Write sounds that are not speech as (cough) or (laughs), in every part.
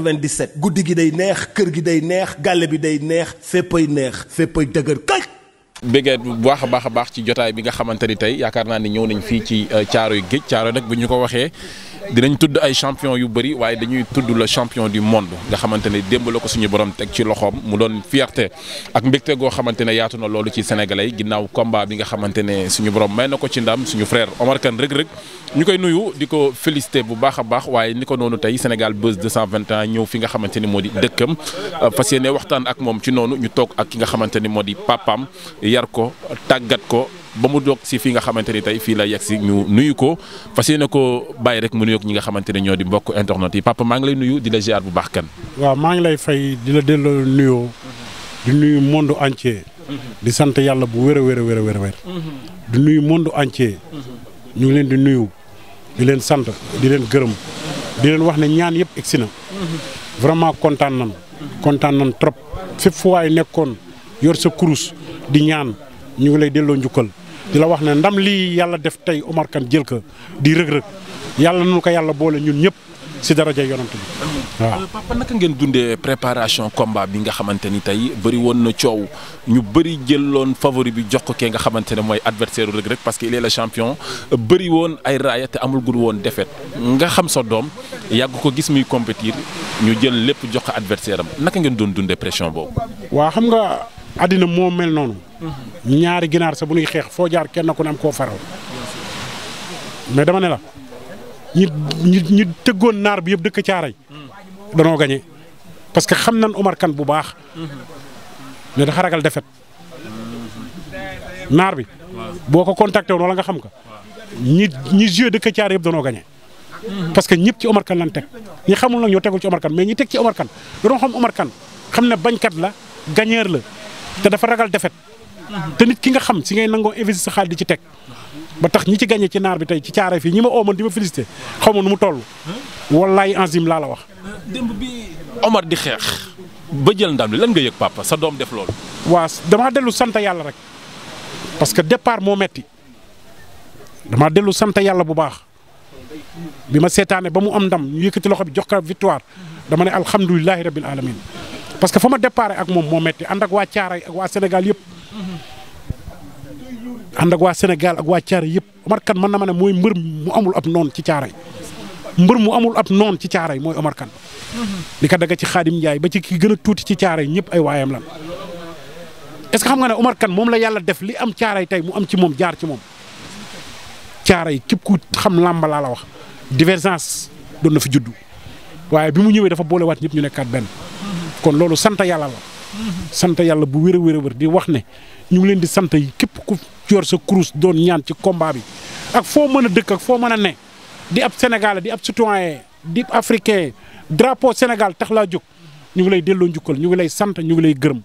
97 guddi gi day neex kër gi day neex gàlle bi day neex féppay neex féppay dëgër kay béggee bu baax a baax a baax ci jotaay bi nga xamante ni tey yaakaar naa ni ñëw nañ fii ci caaroy euh, géej caaro nag bu ñu ko waxee dinañ tudd ay champion yu bëri waaye dañuy tudd le champion du monde nga xamante ne démb la ko suñu borom teg ci loxoom mu doon fierté ak mbégte goo xamante ne yaatu na loolu ci sénégalais ginnaaw combat bi nga xamante ne suñu borom may na ko ci ndam suñu frère Omar Kane Reug Reug ñu koy nuyu di ko félicité bu baax a baax waaye ni ko noonu tey Sénégal Buzz 221 ñëw fi nga xamante ni moo di dëkkam euh, fas yéene waxtaan ak moom ci noonu ñu toog ak ki nga xamante ni moo di papaam yar ko tàggat ko. ba mu dog si fii nga xamante ni tey fii lay yegg si ñu nuyu ko fas yéene ko bàyyi rek mu nuyoog ñi nga xamante ne ñoo di mbokk internet yi papa maa ngi lay nuyu di la ziar bu baax kan. waaw maa ngi lay fay di la delloo nuyoo di nuyu monde entier. di sant yàlla bu wér a wér a wér a wér. di nuyu monde entier. ñu ngi leen di nuyu di leen sant di leen gërëm di leen wax ne ñaan yëpp egsi na. vraiment kontaan nan kontaan nan trop fépp fu waay nekkoon yor sa kurus di ñaan ñu ngi lay delloo njukkal. di la wax ne ndam lii yàlla def tey Omar Kane jël ko di rëg-rëg yàlla nunu ko yàlla boole ñun ñëpp si daraja yonant bi waaw euh, naka ngeen dundee préparation combat bi nga xamante ni tey bëri woon na coow ñu bëri loon favori bi jox ko kee nga xamante ne mooy adversaire rek rek parce que il la le champion euh, bëri woon ay raaya te amul gul woon défaite nga xam sa doom yàgg ko gis muy compétir ñu jël lépp jox ko adversaire am naka ngeen doon dundee pression boobu. àddina moo mel noonu. ñaari ginaar sax bu ñuy xeex foo jaar kenn ku ne am koo faral. mais dama ne la ñi ñi ñi tëggoon naar bi yëpp dëkk caaray. danoo gañe parce que xam nan Omar Kane bu baax. mais dafa ragal naar bi. boo ko contacté woon wala nga xam ko. ñi ñi joué dëkk caaray yëpp danoo gañe parce que ñëpp ci Omar Kane lan teg ñi xamul nag ñoo tegul ci Omar Kane mais ñi teg ci Omar Kane danoo xam Omar Kane xam ne bañkat la gagneur la. te dafa ragal defet te nit ki nga xam si ngay nangoo investir sa xaalis di ci teg ba tax ñi ci gagné ci naar bi tey ci caare fii ñi ma oo di ma félicité xaw ma nu mu toll wallaay enzim laa la wax. Omar di xeex ba jël ndam li lan nga yëg papa sa doom def loolu. waa damaa dellu sant yàlla rek parce que départ moo metti damaa dellu sant yàlla bu baax bi ma seetaane ba mu am ndam ñu yëkkati loxo bi jox ko victoire dama ne alhamdulilahi rabbil alamin parce que fa ma départ ak moom moo metti ànd ak waa Caaray ak waa Sénégal yëpp. ànd ak waa Sénégal ak waa Caaray yëpp Omar Kane mën na ma ne mooy mbër mu amul ab noon ci Caaray mbër mu amul ab noon ci Caaray mooy Omar li ko daga ci Xaadim Njaay ba ci ki gën a tuuti ci Caaray ñëpp ay waayam lan. est-ce que xam nga ne Omar moom la yàlla def li am Caaray tey mu am ci moom jaar ci moom. Caaray képp ku xam làmb laa la wax divergence doon na fi juddu waaye bi mu ñëwee dafa boolewaat ñëpp ñu nekkaat benn. kon loolu sant yàlla la. sant yàlla bu wér a wér a wér di wax ne ñu ngi leen di sant képp ku yor sa kuruus doon ñaan ci kombaa bi ak foo mën a dëkk ak foo mën a ne di ab Sénégalais di ab citoyen di africain drapo Sénégal tax laa jóg ñu ngi lay delloo njukkal ñu ngi lay sant ñu ngi lay gërëm.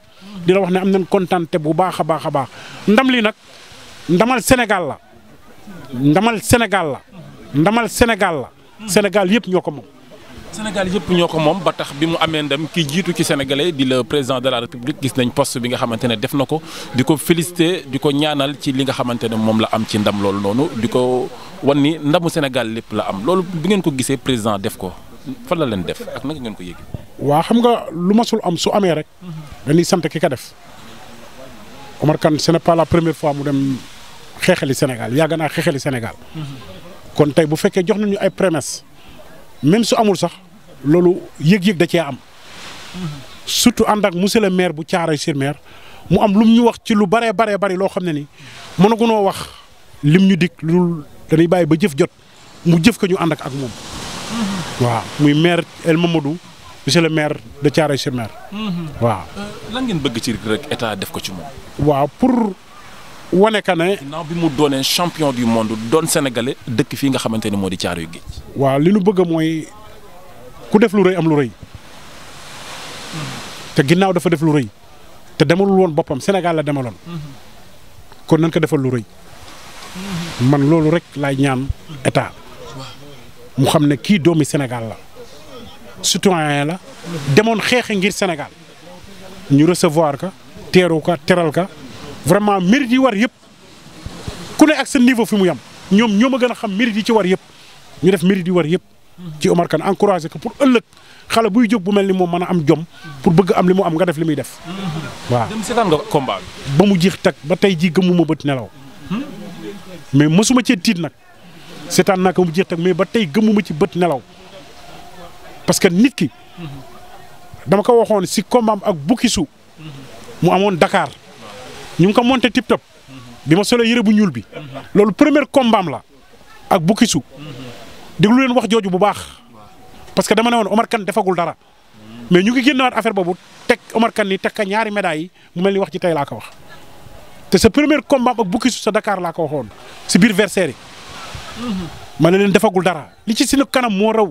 di la wax ne am nañ kontante bu baax a baax a baax ndam li nag ndamal Sénégal la ndamal Sénégal la ndamal Sénégal la Sénégal yëpp ñoo ko moom. Sénégal yëpp ñoo ko moom ba tax bi mu amee ndam ki jiitu ci sénégalais di le président de la république gis nañ poste bi nga xamante ne def na ko di ko félicité di ko ñaanal ci li nga xamante ne moom la am ci ndam loolu noonu di ko wan ni ndamu Sénégal lépp la am loolu bi ngeen ko gisee président def ko fan la leen def ak naka ngeen ko yëg. waa xam nga lu masul am su amee rek. dañuy sant ki ko def. Omar Kane ce n'est pas la première fois mu dem xeexali Sénégal yàgg naa xeexali Sénégal. Mhm. kon tey bu fekkee jox nañu ay prémisse. même su amul sax loolu yëg-yëg da cee am surtout ànd ak monsieur le maire bu Thiaroye-sur-Mer mu am lu mu ñu wax ci lu baree baree bari loo xam ne ni mën a mënagunoo wax li mu ñu dikk lu dañuy bàyyi ba jëf jot mu jëf ko ñu ànd ak ak moom. waaw muy maire El Mamadou monsieur le maire de Thiaroye-sur-Mer. Mm-hmm. waaw. Euh, ngeen bëgg ci rek état def ko ci moom. waaw pour. wane ka ne. ginnaaw bi mu doonee champion du monde doon sénégalais dëkk fii nga xamante ni moo di Caaroy Géej. waaw li nu bëgg mooy ku def lu rëy am lu rëy te ginnaaw dafa def lu rëy te demalul woon boppam Sénégal la demaloon kon nan ko defal lu rëy man loolu rek laay ñaan état mu xam ne kii doomi Sénégal la citoyen la demoon xeexe ngir Sénégal ñu recevoir ka teeru ka teral ka. vraiment mérite yi war yëpp ku ne ak sa niveau fi mu yem ñoom ñoo ma gën a xam mérite yi ci war yëpp ñu def mérite yi war yëpp ci Omar Kane encouragé ko pour ëllëg xale buy jóg bu mel ni moom mën a am jom pour bëgg am li mu am nga def li muy def waaw dem nga combat ba mu jeex teg ba tey jii gëmuma bët nelaw mais mësuma cee tiit nag seetaan naa ko mu jeex tag mais ba tey gëmuma ci bët nelaw parce que nit ki dama ko waxoon si combat ak bukki bukkisu mu amoon dakaar ñu ngi ko monté tip top bi ma solee yëre bu ñuul bi loolu premier kombaam la ak Boukisu déglu leen wax jooju bu baax parce que dama ne woon Omar Kane defagul dara mais ñu ngi génnaat affaire boobu teg Omar Kane ni teg ka ñaari médailles yi mu mel ni wax ci tey laa ko wax te sa premier combat ak Boukisu sa dakaar laa ko waxoon si biir Versailles ma ne leen defagul dara li ci sunu kanam moo raw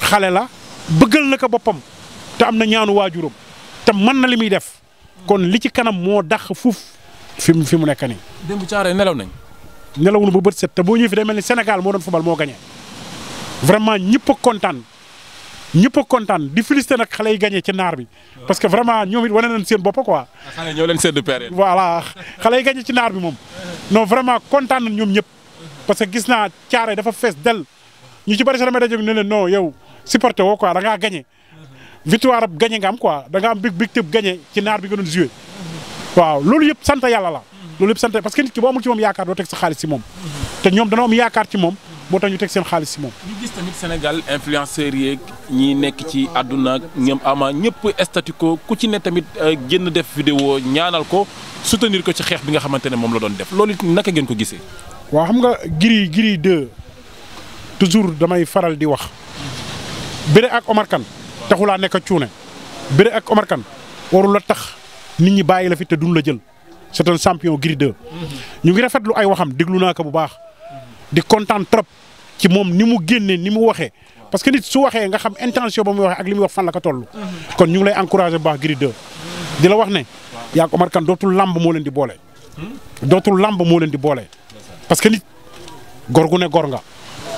xale la bëggal na ko boppam te am na ñaanu waajuram te mën na li muy def kon li ci kanam moo dàq fuuf fi mu fi mu nekk nii. démb caare nelaw nañ. nelawul bu bët set te boo ñëwee fi mel ni Sénégal moo doon fubal moo gagné vraiment ñëpp a kontaan ñëpp kontaan di féliciter nag xale yi gagné ci naar bi. parce que vraiment ñoom it wane nañ seen bopp quoi. Ah, xale yi ñoo leen sédd péré. xale yi gagné ci naar bi moom. (laughs) non vraiment kontaan ñoom ñëpp. parce que gis naa caare dafa fees del ñu ci bari sa damay daje ne leen non yow supporté woo quoi da ngaa gagné. victoire ab gagné nga am quoi da nga am big big tëb gagné ci naar bi nga doon joué waaw loolu yëpp sant yàlla la loolu yëpp sant parce que nit ki boo amul ci moom yaakaar doo teg sa xaalis si moom te ñoom danoo am yaakaar ci moom moo tax ñu teg seen xaalis si moom ñu gis tamit Sénégal influenceurs yeeg ñi nekk ci àdduna ñoom ama ñëpp estati ko ku ci ne tamit euh, génn def vidéo ñaanal ko soutenir ko ci xeex bi nga xamante ne moom la doon def loolu naka ngeen ko gisee waa xam nga gi Gris 2 toujours damay faral di wax Béré ak Omar taxulaa nekk cuune bëre ak Omar Kane warul la tax nit ñi bàyyi la fi te duñ la jël c'est un champion Gris mhm. ñu ngi rafetlu ay waxam déglu naa ko bu baax di kontaan trop ci moom ni mu génnee ni mu waxee parce que nit su waxee nga xam intention ba muy waxee ak li muy wax fan la ko toll. Mhm. kon ñu ngi lay encouragé bu baax Gris 2 di la wax ne. yaa ngi Omar dootul lamb moo leen di boole. Hmm? dootul làmba moo leen di boole. parce que nit gor gu ne gor nga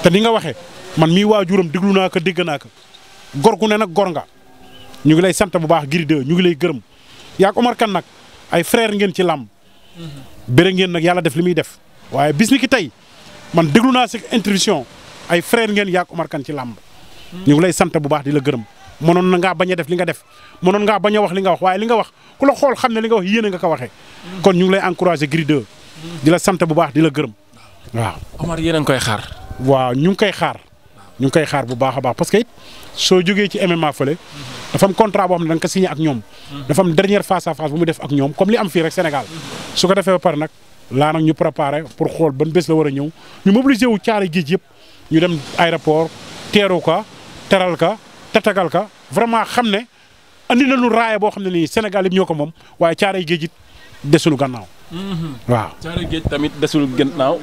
te ni nga waxee man mii waajuram déglu naa ko dégg naa ko gor gu ne nag gor nga ñu ngi lay sant bu baax Gris ñu ngi lay gërëm yaag Omar kan nag ay frère ngeen ci làmb mhm. bëre ngeen nag yàlla def li muy def waaye bis ni ki tey man déglu naa si intervention ay frère ngeen yaag Omar Kane ci làmb mhm. ñu ngi lay sant bu baax di la gërëm mënoon na ngaa bañ a def li nga def mënoon ngaa bañ a wax li nga wax waaye li nga wax ku la xool xam ne li nga wax yéene nga ko waxee mhm. kon ñu ngi lay encouragé Gris 2 di la sant bu baax di la gërëm waaw Omar a ngi koy xaar waaw ñu ngi koy xaar ñu ngi koy xaar bu baax a baax parce soo jógee ci MMA fële dafa am contrat boo xam ne da nga ko ak ñoom mm-hmm. dafa am dernière face à bu mu def ak ñoom comme li am fii rek Sénégal mm-hmm. su ko defee ba pare nag laa nag ñu préparé pour xool ban bés la war a ñëw ñu mobilisé wu caari géej yëpp ñu dem aéroport teeru ka teral ka tatagal ka vraiment xam ne andi nañu raaya boo xam ne nii Sénégal yëpp ñoo ko moom waaye caari géej it desunu gannaaw waaw. Caare Géej tamit desul gannaaw.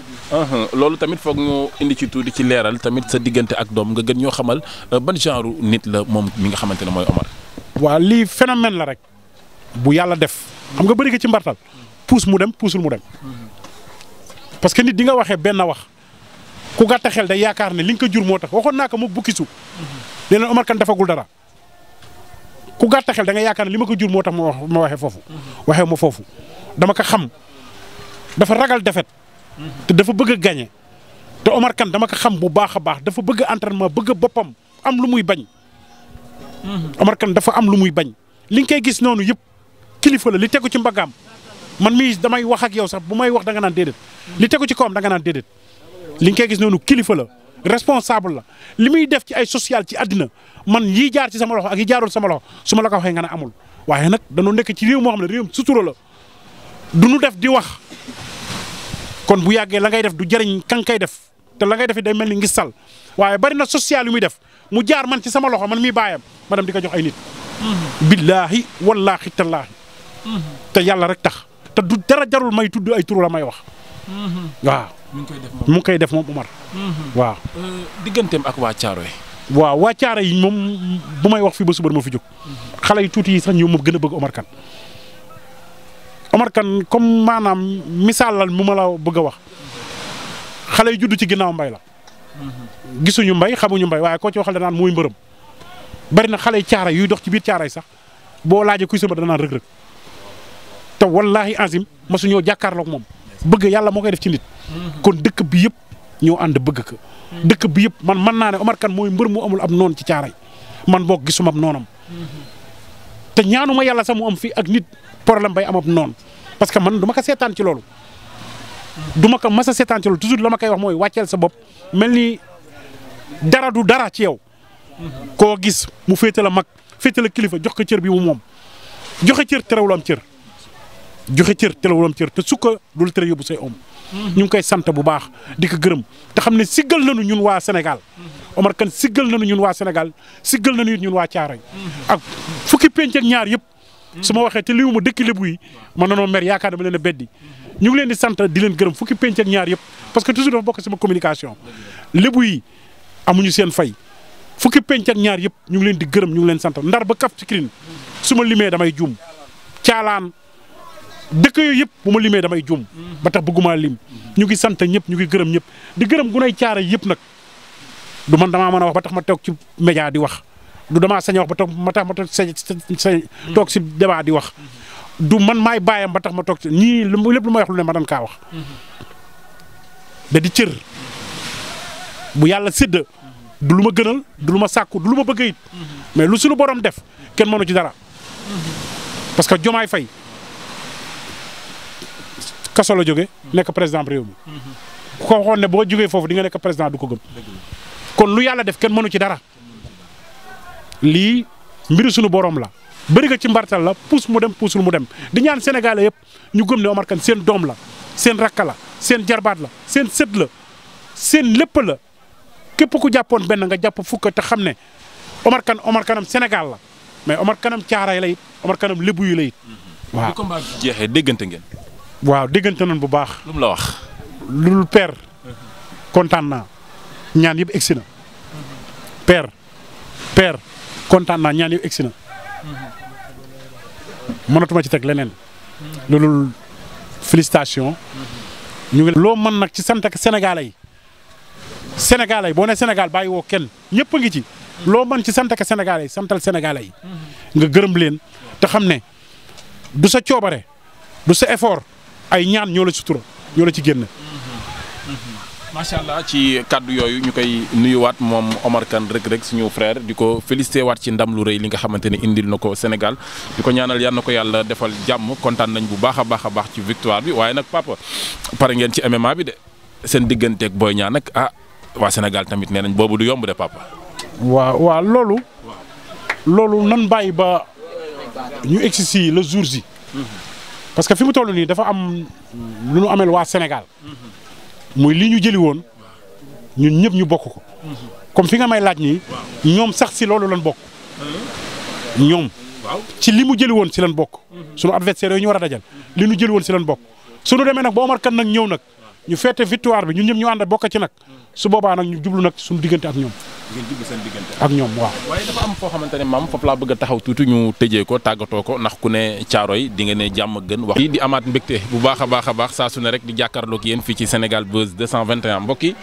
loolu tamit foog ñu indi ci tuuti ci leeral tamit sa diggante ak doom nga gën ñoo xamal euh, ban genre nit la moom mi nga xamante ne mooy Omar. waaw lii phénomène la rek bu yàlla def xam nga bëri ko ci mbartal puus mu dem puusul mu dem parce que nit di nga waxee benn wax ku gàtt xel day yaakaar ne li nga ko jur moo tax waxoon naa ko mu bukki su nee leen Omar Kane defagul dara ku gàtt xel da nga yaakaar ne li ma ko jur moo tax ma waxee foofu waxee ma foofu dama ko xam dafa ragal defet te dafa bëgg a te Omar dama ko xam bu baax a baax dafa bëgg entraînement bëgg boppam am lu muy bañ. Omar dafa am lu muy bañ li nga koy gis noonu yëpp kilifa la li tegu ci mbagaam man mii damay wax ak yow sax bu may wax danga naan déedéet li tegu ci kawam danga naan déedéet li nga koy gis noonu kilifa la. responsable la li muy def ci ay social ci àddina man yi jaar ci sama loxo ak yi jaarul sama loxo su ma la ko waxee nga ne amul waaye nag dañoo nekk ci réew moo xam ne réewum sutura la du nu def di wax kon bu yàggee la ngay def du jëriñ kan kay def te la ngay def day mel ni ngi sal waaye bari na social yu muy def mu jaar man ci sama loxo man mi baayam ma dem di ko jox ay nit. Mm-hmm. billaahi wallaahi tallaahi. Mm-hmm. te yàlla rek tax te du dara jarul may tudd ay turu may wax. Mm-hmm. waaw. mu ngi koy def moom mu koy def moom Umar. waaw. Euh, digganteem ak waa Caaroy. waaw waa yi moom bu may wax fii ba suba ma fi jóg. xale yu tuuti yi sax ñoom moom gën a bëgg Omar Kane Omar Kane comme maanaam misaal mu ma la bëgg a wax xale yu judd ci ginnaaw mbay la. gisuñu mbay xamuñu mbay waaye koo ci waxal danaan mooy mbërëm bari na xale yu caara yuy dox ci biir caaray sax boo laajee kuy sëmba danaan rëg-rëg te wallaahi azim masuñoo jàkkaarloog moom bëgg yàlla moo koy def ci nit. kon dëkk bi yëpp ñoo ànd bëgg ko. dëkk bi yëpp man man naa ne Omar Kane mooy mbër mu amul ab noon ci caaray man boo gisuma ab noonam. te ñaanuma yàlla sax mu am fii ak nit problème bay ab noonu parce que man du ko seetaan ci loolu du ma ko masa a seetaan ci loolu toujours la ma koy wax mooy wàcceel sa bopp mel ni dara du dara ci yow koo gis mu féete a mag féete la kilifa jox ko cër bi wu moom joxe cër terewul am cër joxe cër te la waroon cër te sukka du la tere yóbbu say om ñu ngi koy sant bu baax di ko gërëm te xam ne siggal nañu ñun waa Sénégal Omar Kane siggal nañu ñun waa Sénégal siggal nañu it ñun waa Caaroy ak fukki penc ak ñaar yëpp su ma waxee te liwu ma dëkk lébu yi man nanoo mer yaakaar dama leen a beddi ñu ngi leen di sant di leen gërëm fukki penc ak ñaar yëpp parce que toujours dafa bokk sama communication lébu yi amuñu seen fay fukki penc ak ñaar yëpp ñu ngi leen di gërëm ñu ngi leen sant ndar ba kaf ci kirin damay juum dëkk yooyu yëpp bu ma limee damay juum ba tax bëgguma lim ñu ngi sant ñëpp ñu ngi gërëm ñëpp di gërëm gunay caara yëpp nag du man damaa mën a wax ba tax ma toog ci média di wax du damaa sañ wax ba tax ma tax ma toog sañ sañ toog di wax du man maay bàyyam ba tax ma toog ci ñii lépp lu ma wax lu ne ma dan kaa wax da di cër bu yàlla sédd du lu ma gënal du lu ma sàkku du lu ma bëgg mais lu suñu borom def kenn mënu ci dara parce que jomaay fay kaso la jóge nekk président réew mi ku ko waxoon ne boo jógee foofu di nga nekk président du ko gëm kon lu yàlla def kenn mënu ci dara lii mbiru sunu borom la bëri nga ci mbartal la puus mu dem puusul mu dem di ñaan sénégalais yëpp ñu gëm ne Omar kan seen doom la seen rakka seen jarbaat la seen sët la seen lépp la képp ku jàppoon benn nga jàpp fukk xam ne Omar kan Omar Kanam Sénégal la mais Omar Kanam caaray la it Omar Kanam lébu yi la it déggante ngeen waaw déggante nañ bu baax. lu mu la wax. ñaan yëpp egsi na père père kontaan naa ñaan yëpp egsi na mënatuma ci teg leneen loolu félicitation ñu ngi loo mën nag ci sant ak yi sénégalais yi boo ne senegal bàyyi woo kenn ñëpp a ngi ci loo mën ci sant ak sénégalais yi santal sénégalais yi nga gërëm leen te xam ne du sa coobare du sa effort ay ñaan ñoo la ci tura ñoo la ci génn. macha allah ci kàddu yooyu ñu koy nuyuwaat moom Omar Kane Reug suñu frère di ko félicité waat ci ndam lu rëy li nga xamante ne indil na ko Sénégal di ko ñaanal yal na ko yàlla defal jàmm kontaan nañ bu baax a baax a baax ci victoire bi waaye nag papa pare ngeen ci MMA bi de seen digganteeg Boy Niang nag ah waa Sénégal tamit nee nañ boobu du yomb de papa. waaw loolu. loolu nan bàyyi ba ñu egsi le jour ji. Mhm. parce que fi mu toll nii dafa am lu nu amel waa Sénégal muy lii ñu jëli woon ñun ñëpp ñu bokk ko comme fi nga may laaj nii ñoom sax si loolu lan bokk ñoom ci li mu jëli woon si lan bokk sunu adversaire yooyu ñu war a dajal li ñu jëli woon si lan bokk su nu demee nag ba Omar Kane nag ñëw nag ñu fete victoire bi ñun ñëpp ñu ànd bokk ci nag su boobaa nag ñu jublu nag suñu diggante ak ñoom ngeen jublu seen diggante ak ñoom waaw. waaye dafa am foo xamante ne maam foofu laa bëgg taxaw tuuti ñu tëjee ko tàggatoo ko ndax ku ne caaro yi di ne jàmm gën wax. di amaat mbégte bu baax a baax a baax saa su ne rek di jàkkaarloog yéen fii ci Sénégal Buzz 221 mbokk yi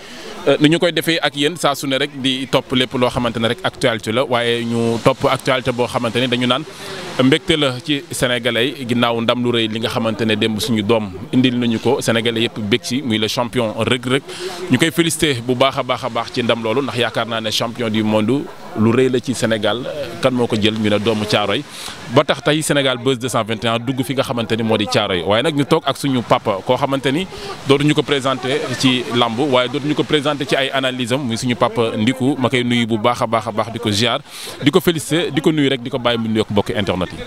euh, nu ñu koy defee ak yéen saa su rek di topp lépp loo xamante ne rek actualité la waaye ñu topp actualité boo xamante ne dañu naan mbégte la ci sénégalais yi ginnaaw ndam lu rëy li nga xamante ne démb suñu doom indi nañu ko sénégalais yëpp bég ci muy le champion a a baax ci ndam champion du monde lu rëy la ci Sénégal kan moo ko jël ñu ne doomu Caaroy ba tax tey Sénégal Buzz 221 dugg fi nga xamante ni moo di yi waaye nag ñu toog ak suñu papa koo xamante ni dootuñu ko présenté ci lamb waaye dootuñu ko présenté ci ay analyse am muy suñu papa Ndiku ma koy nuyu bu baax a baax a baax di ko jaar di ko félicité di ko nuyu rek di ko bàyyi mu nuyoog bokk internet yi.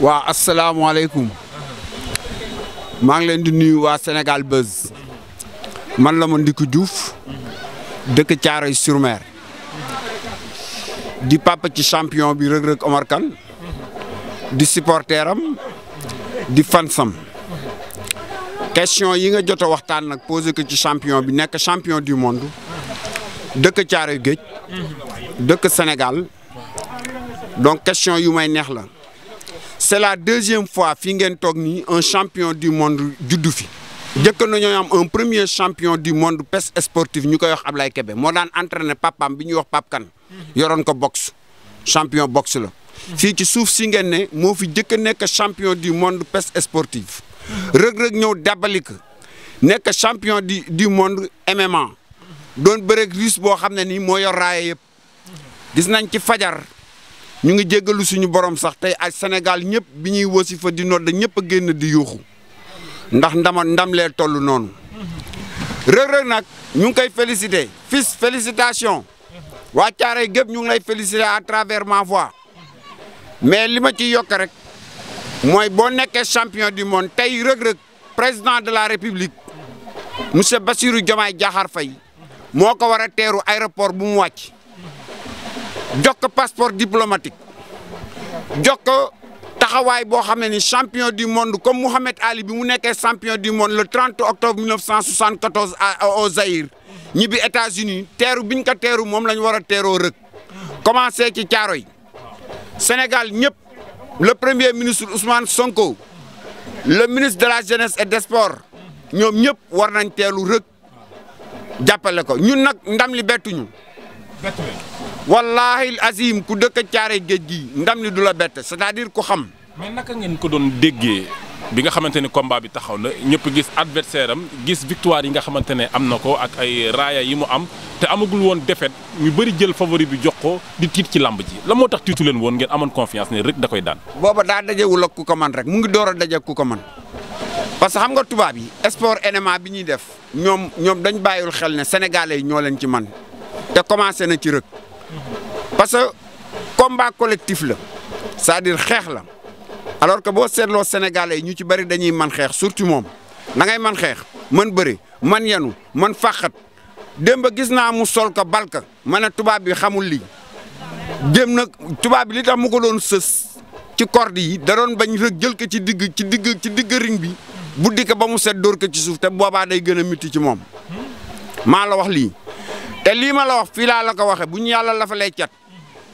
waa asalaamaaleykum maa ngi leen di nuyu waa Sénégal Buzz la ma Ndiku Diouf. dëkk Thiaroye sur Mer di papa ci champion bi Reug Reug Omar Kane di supporteram di fansam question yi nga jot a waxtaan nag posé ko ci champion bi nekk champion du monde dëkk Thiaroye Géej dëkk Sénégal donc question yu may neex la c'est la deuxième fois fi ngeen toog nii un champion du monde juddu fi jëkk nañoo am un premier champion du monde pes sportif ñu koy wax Ablaye Kébé moo daan entraîné papam bi ñuy wax Pape Kane yoroon ko boxe champion boxe la fii ci suuf si ngeen ne moo fi jëkk nekk champion du monde pes sportif rëg-rëg ñëw dabalik nekk champion du du monde MMA doon bëreeg russe boo xam ne nii moo yor raaya yëpp gis nañ ci fajar ñu ngi jéggalu suñu borom sax tey ay Sénégal ñëpp bi ñuy wasi fa di nodd ñëpp a génn di yuuxu ndax ndama ndam lee toll noonu Reug Reug nag ñu ngi koy félicité fils félicitation waa Caaroy gépp ñu ngi lay félicité à travers ma mais li ma ciy yokk rek mooy boo nekkee champion du monde tey Reug Reug président de la république monsieur Bassirou Diomaye Diakhar fay moo ko war a teeru aéroport bu mu wàcc jox ko passeport diplomatique jox taxawaay boo xam ne ni champion du monde comme Mouhamed Ali bi mu nekkee champion du monde le 30 octobre 1974 au Zaïre ñibbi États-Unis teeru biñ ko teeru moom la ñu war a teeroo rëkk commencé ci Thiaroye Sénégal ñëpp le premier ministre Ousmane Sonko le ministre de la jeunesse et des sports ñoom ñëpp war nañ teelu rëkk jàppale ko ñun nag ndam li bettuñu wallaahi azim ku dëkk caare géej gi ndam li du la bett c'est-à-dire ko xam mais naka ngeen ko doon déggee bi nga xamante ni combat bi taxaw na ñëpp gis adversaire am gis victoire yi nga xamante ne am na ko ak ay raaya yi mu am te amagul woon defet ñu bëri jël favori bi jox ko di tiit ci làmb ji la moo tax tiitu leen woon ngeen amoon confiance ne rek da koy daan. booba daa dajewul ak ku ko man rek mu ngi door a daje ku ko man parce que xam nga tubaab yi sport MMA bi ñuy def ñoom ñoom dañ bàyyiwul xel ne sénégalais yi ñoo leen ci man te commencé na ci rëkk parce que combat collectif la cest xeex la. alors que boo seetloo sénégalais yi ñu ci bëri dañuy man xeex surtout moom da ngay man xeex man bëri man yanu man fàqat démb gis naa mu sol ko balka ma ne tubaab bi xamul lii jëm nag tubaab bi li tax mu ko doon sës ci kord yi da bañ rek jël ko ci digg ci digg ci digg ring bi bu dikk ba mu set dóor ko ci suuf te boobaa day gën a miti ci moom maa la wax lii te lii ma la wax fii laa la ko waxe bu ñu yàlla la fa lay cat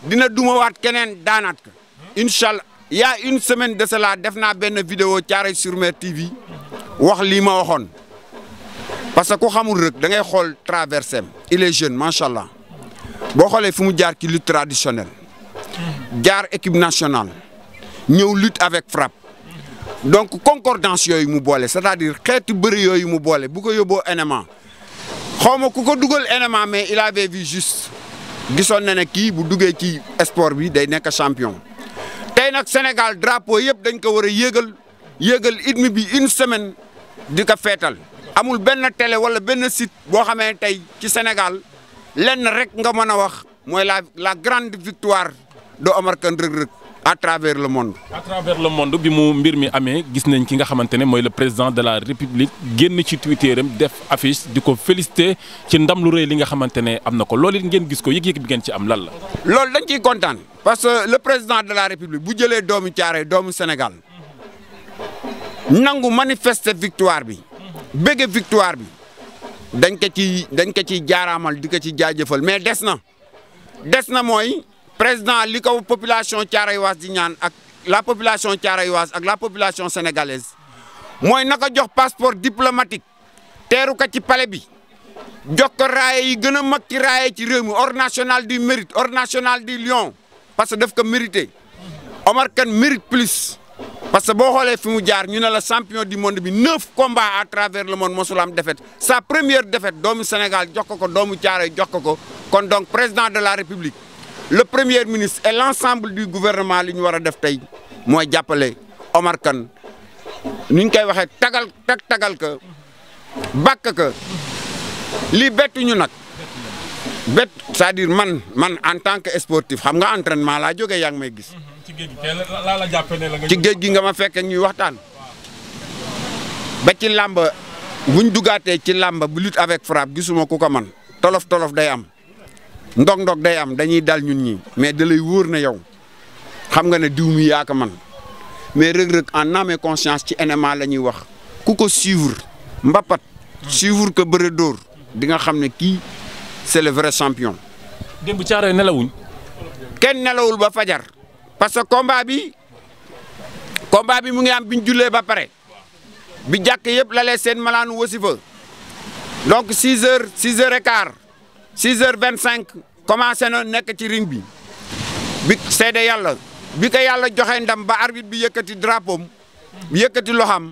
dina dumawaat keneen daanaat ko incha y une semaine de cela def naa benn vidéo Thiaroye sur Mer TV wax lii ma waxoon parce que ku xamul rek da ngay xool traversé am il est jeune macha allah boo xoolee fu mu jaar ci lutte traditionnelle jaar équipe nationale ñëw lutte avec frappe donc concordance yooyu mu boole c'est-à-dire xeetu bëri yooyu mu boole bu ko yóbboo NMA xaw ma ku ko dugal NMA mais il avait vu juste gisoon na ne kii bu duggee ci sport bi day nekk champion. tey nag Sénégal drapeau yëpp dañ ko war a yégal yéegal idmi bi une semaine di ko feetal amul benn télé wala benn site boo xamee ne tey ci Sénégal lenn rek nga mën a wax mooy la la grande victoire doo Omar Kane Reug à travers le monde. à travers le monde bi mu mbir mi amee gis nañ ki nga xamante ne mooy le président de la république génn ci Twitter am def affiche di ko féliciter ci ndam lu rëy li nga xamante ne am na ko loolu it ngeen gis ko yëg-yëg bi ngeen ci am lan la. loolu dañ ciy kontaan parce que le président de la république bu jëlee doomu Thiaroye doomu Sénégal nangu manifester victoire bi bëgg victoire bi dañ ko ci dañ ko ciy jaaraamal di ko ci jaajëfal mais des na des na mooy. président li ko population Thiaroye di ñaan ak la population Thiaroye Waas ak la population sénégalaise mooy naka jox passeport diplomatique teeru ko ci palais bi jox ko raaye yi gën a mag ci raaye ci réew mi ordre national du mérite ordre national du lion parce que daf ko mérité Omar Kane mérite plus parce que boo xoolee fi mu jaar ñu ne la champion du monde bi neuf combats à travers le monde mosul am défaite sa première defet doomu Sénégal jox ko ko doomu Thiaroye jox ko ko kon donc président de la République le premier ministre et l'ensemble du gouvernement li ñu war a def tey mooy jàppale Omar kan ni ñu koy waxee tagal tag tagal ka bàkk ka lii bettuñu nag bett cest dire man man en tant que sportif xam nga entraînement laa jógee yaa ngi may gis. ci géej gi nga. géej gi nga ma fekk ñuy waxtaan. ba ci làmba buñ duggaatee ci làmba bu lutte avec frappe gisuma ku ko man tolof tolof day am. ndog-ndog day am dañuy dal ñun ñi mais da lay wóor na yow xam nga ne diw mi yaa ko man mais rëg-rëg en âme et conscience ci MMA la ñuy wax ku ko suivre mbapat suivre ko bëre dóor di nga xam ne kii c'est le vrai champion. démb caare nelawuñ. kenn nelawul ba fajar parce que combat bi combat bi mu ngi am biñ jullee ba pare bi jàkk yëpp lalee seen malaanu wasi fa donc 6 heures 6 heures six heures vingt cinq commencé na nekk ci ring bi bi seede yàlla bi ko yàlla joxee ndam ba arbitre bi yëkkati drapeau bi yëkkati loxam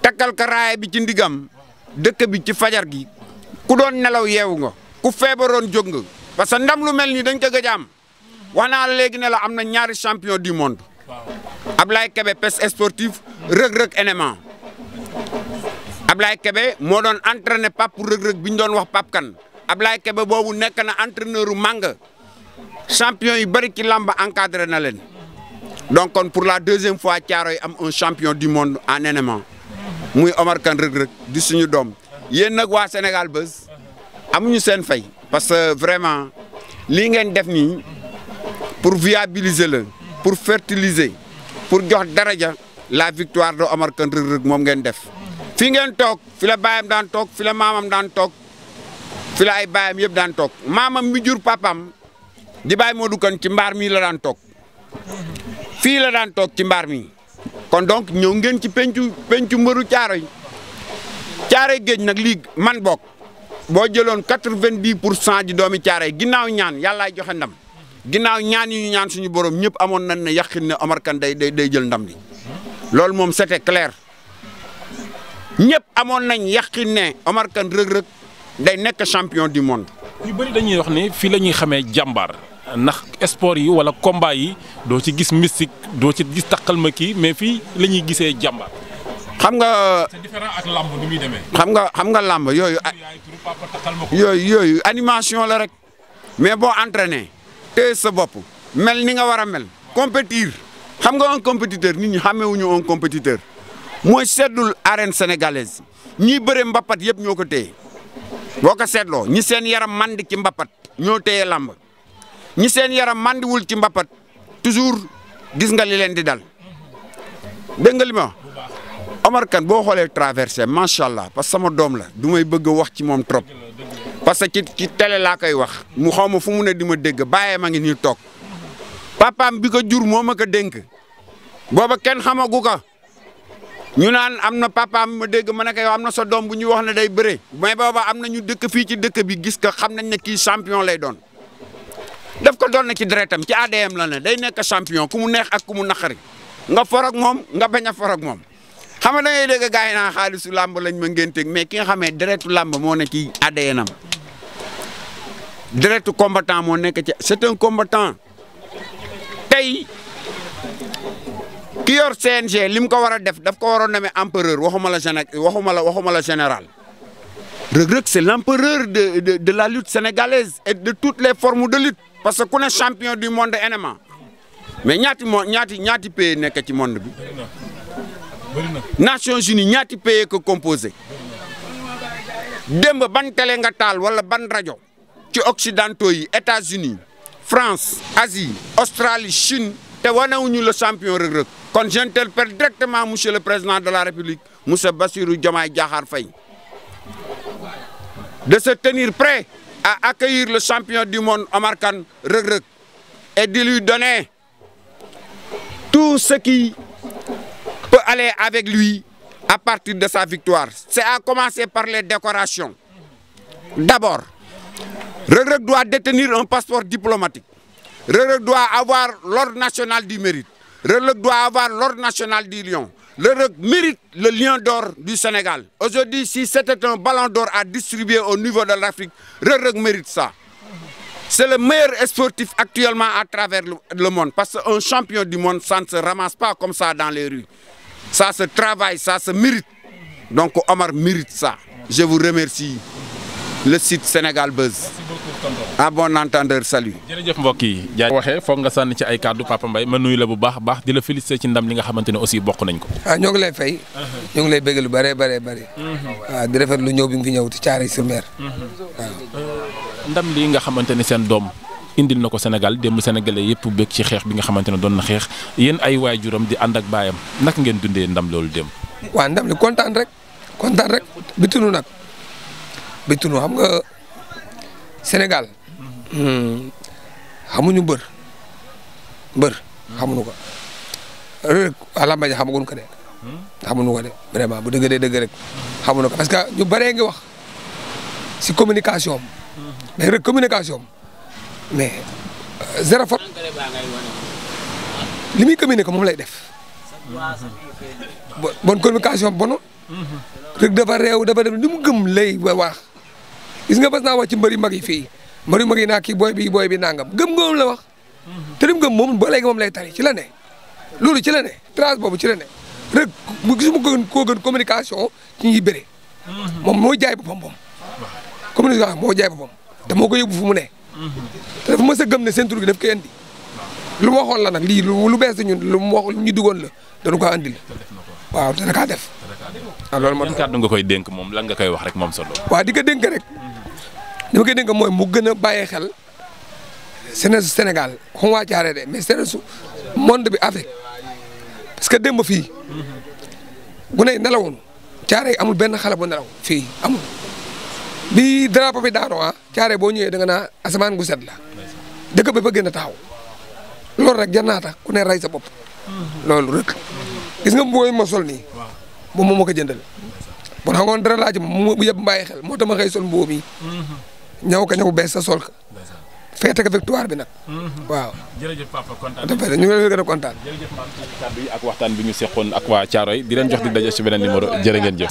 takkal ko bi ci ndigam dëkk bi ci fajar gi ku doon nelaw yeewu nga ku feebaroon jóg nga parce que ndam lu mel nii dañ ko gëj am wax naa léegi ne am na ñaari champion du monde laay Kebe pes sportif rëg-rëg NMA Ablaye Kebe moo doon entraîné Pape pour rëg-rëg bi ñu doon wax Pape Kane Ablaye Kébé boobu nekk na entraîneur u Manga champion yu bëri ci làmb encadré na leen donc kon pour la deuxième fois Thiaroye am un champion du monde en élément muy Omar Kane Reug Reug di suñu doom yéen nag waa Sénégal Buzz amuñu seen fay parce que vraiment lii ngeen def ni pour viabiliser la pour fertiliser pour jox daraja la victoire de Omar Kane Reug Reug moom ngeen def fi ngeen toog fi la baayam daan toog fi la maamam daan toog fi ay baayam yëpp daan toog maamam mi jur papam di bàyyi Modou kan ci mbaar mii la daan toog fi la daan toog ci mbaar mi kon donc ñëw ngeen ci pencu pencu mbëru caaro yi caaro géej nag lii man bokk boo jëloon quatre-vingt-dix pour cent di doomi caaro yi ginnaaw ñaan yàllaay joxe ndam ginnaaw ñaan yi ñu ñaan suñu borom ñëpp amoon nañ ne yàqin ne Omar Kane day day day jël ndam li loolu moom c'était clair ñëpp amoon nañ yàqin ne Omar Kane rëg-rëg day nekk champion du monde. ñu bëri dañuy wax ne fii la ñuy xamee jàmbaar ndax sport yi wala combat yi doo ci gis mystique doo ci gis takkal ma kii mais fii la ñuy gisee jàmbar xam nga c'est ak làmb ni muy demee. xam nga xam nga làmb yooyu. yooyu yooyu animation la rek mais boo entraîné téye sa bopp mel ni nga war a mel. compétir xam nga un compétiteur nit ñi xamewuñu un compétiteur mooy seddul arène sénégalaise ñiy bëre mbappat yëpp ñoo ko téye. boo ko seetloo ñi seen yaram mandi ci mbapat ñoo téye làmb ñi seen yaram mandiwul ci mbapat toujours gis nga li leen di dal dégg Omar Kane boo xoolee traversé macha allah parce que sama doom la du may bëgg wax ci moom trop parce que ci ci télé laa koy wax mu xaw ma fu mu ne di ma dégg bàyyee ma ngi nii toog papaam bi ko jur moo ma ko dénk booba kenn xamagu ko ñu naan am na papaam ma dégg ma ne ko yow am na sa doom bu ñuy wax ne day bëre mais booba am na ñu dëkk fii ci dëkk bi gis ka xam nañ ne kii champion lay doon daf ko doon na ci deretam ci ADM la ne day nekk champion ku mu neex ak ku mu naqari nga forog moom nga bañ a forog moom xam nga da ngay dégg gars yi naa xaalisu làmb lañ ma ngénteeg mais ki nga xamee deretu làmb moo na ci ADN am deretu combattant moo nekk ci c'est un combattant tey ki yor CNG li mu ko war a def daf ko waroon na me empereur waxuma la géné waxuma la waxuma la général Reug Reug c'est l'empereur de, de de la lutte sénégalaise et de toutes les formes de lutte parce que ku ne champion du monde MMA mais ñaati moo ñaati ñaati pays nekk ci monde bi Nations Unies ñaati pays que composé démb ban télé nga taal wala ban rajo ci occidentaux yi États-Unis France Asie Australie Chine te wanewuñu le champion Reug Reug kon j'interpelle directement monsieur le président de la république monsieur Bassirou Diomaye Diakhar Faye de se tenir prêt à accueillir le champion du monde Omar Kane Reug Reug et de lui donner tout ce qui peut aller avec lui à partir de sa victoire c'est à commencer par les décorations d'abord Reug Reug doit détenir un passeport diplomatique Reug Reug doit avoir l'ordre national du mérite. Reug doit avoir l'ordre national du lion. Reug Reug mérite le lion d'or du Sénégal. Aujourd'hui, si c'était un ballon d'or à distribuer au niveau de l'Afrique, Reug Reug mérite ça. C'est le meilleur sportif actuellement à travers le monde. Parce qu'un champion du monde, ça ne se ramasse pas comme ça dans les rues. Ça se travaille, ça se mérite. Donc Omar mérite ça. Je vous remercie. le site Sénégal Buzz. à bon entendeur salut. jërëjëf mbokk yi jaajëf waxee foog nga sànni ci ay kàddu Papa Mbaye ma nuyu la bu baax baax di la féliciter ci ndam li nga xamante ne aussi bokk nañ ko. ah ñoo ngi lay fay. Uh-huh. ñoo ngi lay bëgg lu bëree bëri bëri. waaw uh-huh. ah, di rafet lu ñëw bi fi ñëw ci thiaroye sur uh-huh. uh, ndam lii nga xamante ne seen doom. indil na ko Sénégal démb sénégalais yëpp bëgg ci xeex bi nga xamante ne doon na xeex yéen ay waajuram di ànd ak baayam naka ngeen dundee ndam loolu démb. waaw ndam li kontaan rek bi tunu xam nga Sénégal hmm, xamuñu mbër mbër xamuñu ko rek alamba ji xamaguñ ko de xamuñu ko de vraiment bu dëgg dee dëgg rek xamuñu ko parce que ñu baree ngi wax si communication am mais rek communication mais euh, zéro faute li muy moom lay def bon communication bonul rek dafa réew dafa def li mu gëm lay wax gis nga bës naa wax ci mbëri mag yi fii mbari mag yi naa kii booy bi booy bi nangam gëm nga moom la wax te lim gëm moom ba léegi moom lay tari ci la ne loolu ci la ne boobu ci la ne mu gisuma ko gën koo gën communication ki ñuy bëre moom moo jaay boppam moom communication moo jaay boppam te ko yóbbu fu mu ne te dafa mës a gëm ne seen tur gi daf koy indi lu mu waxoon la nag lii lu bees ñun lu mu wax la dañu ko andil waaw dana kaa def a loolu ma tax kàddu nga koy dénk moom lan nga koy wax rek moom solo waaw di ko rek li ma koy dénk mooy mu gën a bàyyi xel jeunesse Sénégal xaw ma waa Thiaré de mais jeunesse monde bi Afrique parce que démb fii gune yi nelawoon Thiaré amul benn xale bu nelaw fii amul bi drapeau bi daanoo ah Thiaré boo ñëwee da nga naa asamaan gu set la dëkk bi ba gën a taxaw loolu rek jar naa tax ku ne rey sa bopp loolu rek gis nga mbooy ma sol nii moom moo ma ko jëndal bon xam nga woon dara laaj moom bu yëpp xel moo tax ma xëy sol mboob ñëw ko ñëw bees sa sol ko. feete ko victoire bi nag. Mhm. waaw jërëjëf papa kontaan ñu ngi lay gën a kontaan. jërëjëf maam ci kàddu bi ñu seqoon ak waa Caaroy di leen jox di daje ci beneen numéro jërë ngeen jëf.